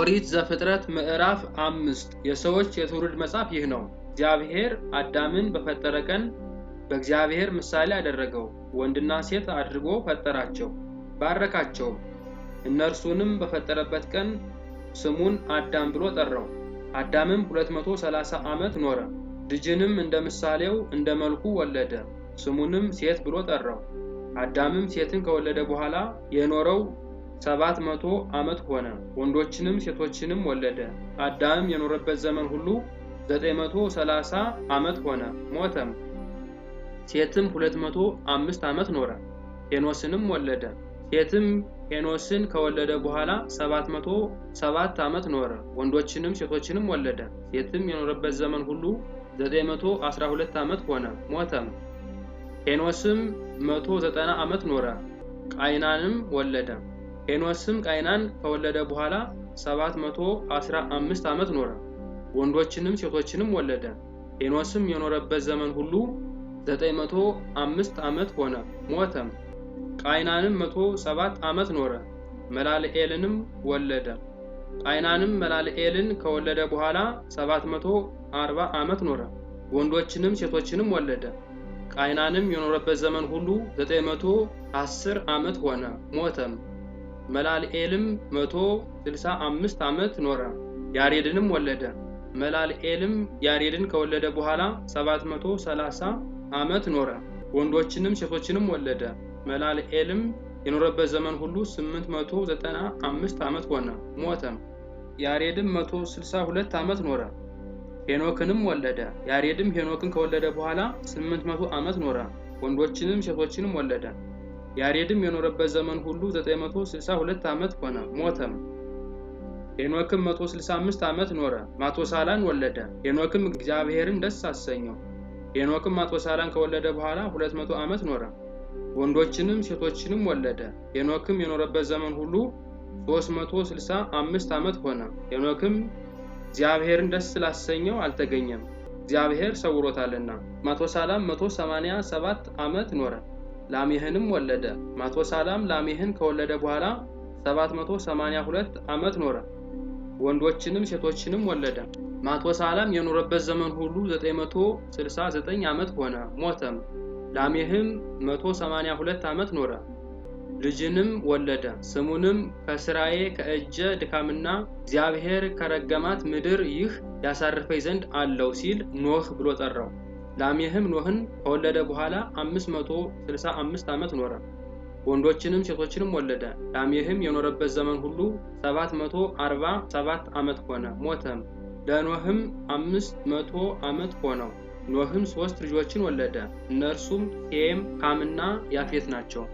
ኦሪት ዘፍጥረት ምዕራፍ አምስት የሰዎች የትውልድ መጽሐፍ ይህ ነው። እግዚአብሔር አዳምን በፈጠረ ቀን በእግዚአብሔር ምሳሌ አደረገው፣ ወንድና ሴት አድርጎ ፈጠራቸው፣ ባረካቸው እነርሱንም በፈጠረበት ቀን ስሙን አዳም ብሎ ጠራው። አዳምም 230 ዓመት ኖረ፣ ልጅንም እንደ ምሳሌው እንደ መልኩ ወለደ፣ ስሙንም ሴት ብሎ ጠራው። አዳምም ሴትን ከወለደ በኋላ የኖረው ሰባት መቶ ዓመት ሆነ፣ ወንዶችንም ሴቶችንም ወለደ። አዳምም የኖረበት ዘመን ሁሉ ዘጠኝ መቶ ሰላሳ ዓመት ሆነ፣ ሞተም። ሴትም ሁለት መቶ አምስት ዓመት ኖረ፣ ሄኖስንም ወለደ። ሴትም ሄኖስን ከወለደ በኋላ ሰባት መቶ ሰባት ዓመት ኖረ፣ ወንዶችንም ሴቶችንም ወለደ። ሴትም የኖረበት ዘመን ሁሉ ዘጠኝ መቶ አስራ ሁለት ዓመት ሆነ፣ ሞተም። ሄኖስም መቶ ዘጠና ዓመት ኖረ፣ ቃይናንም ወለደ። ሄኖስም ቃይናን ከወለደ በኋላ 715 ዓመት ኖረ፣ ወንዶችንም ሴቶችንም ወለደ። ሄኖስም የኖረበት ዘመን ሁሉ 905 ዓመት ሆነ፣ ሞተም። ቃይናንም 107 ዓመት ኖረ፣ መላልኤልንም ወለደ። ቃይናንም መላልኤልን ከወለደ በኋላ 740 ዓመት ኖረ፣ ወንዶችንም ሴቶችንም ወለደ። ቃይናንም የኖረበት ዘመን ሁሉ 910 ዓመት ሆነ፣ ሞተም። መላልኤልም መቶ ስልሳ አምስት ዓመት ኖረ፣ ያሬድንም ወለደ። መላልኤልም ያሬድን ከወለደ በኋላ ሰባት መቶ ሰላሳ ዓመት ኖረ፣ ወንዶችንም ሴቶችንም ወለደ። መላልኤልም የኖረበት ዘመን ሁሉ ስምንት መቶ ዘጠና አምስት ዓመት ሆነ፣ ሞተም። ያሬድም መቶ ስልሳ ሁለት ዓመት ኖረ፣ ሄኖክንም ወለደ። ያሬድም ሄኖክን ከወለደ በኋላ ስምንት መቶ ዓመት ኖረ፣ ወንዶችንም ሴቶችንም ወለደ። ያሬድም የኖረበት ዘመን ሁሉ 962 ዓመት ሆነ፣ ሞተም። ሄኖክም 165 ዓመት ኖረ፣ ማቶሳላን ወለደ። ሄኖክም እግዚአብሔርን ደስ አሰኘው። ሄኖክም ማቶሳላን ከወለደ በኋላ 200 ዓመት ኖረ፣ ወንዶችንም ሴቶችንም ወለደ። ሄኖክም የኖረበት ዘመን ሁሉ 365 ዓመት ሆነ። ሄኖክም እግዚአብሔርን ደስ ስላሰኘው አልተገኘም፣ እግዚአብሔር ሰውሮታልና። ማቶሳላም 187 ዓመት ኖረ። ላሜህንም ወለደ። ማቶሳላም ላሜህን ከወለደ በኋላ 782 ዓመት ኖረ፣ ወንዶችንም ሴቶችንም ወለደ። ማቶሳላም የኖረበት ዘመን ሁሉ 969 ዓመት ሆነ፣ ሞተም። ላሜህም 182 ዓመት ኖረ፣ ልጅንም ወለደ። ስሙንም ከስራዬ ከእጀ ድካምና እግዚአብሔር ከረገማት ምድር ይህ ያሳርፈኝ ዘንድ አለው ሲል ኖህ ብሎ ጠራው። ላሜህም ኖህን ከወለደ በኋላ 565 ዓመት ኖረ፣ ወንዶችንም ሴቶችንም ወለደ። ላሜህም የኖረበት ዘመን ሁሉ 747 ዓመት ሆነ፣ ሞተም። ለኖህም 500 ዓመት ሆነው። ኖህም ሶስት ልጆችን ወለደ። እነርሱም ሴም፣ ካምና ያፌት ናቸው።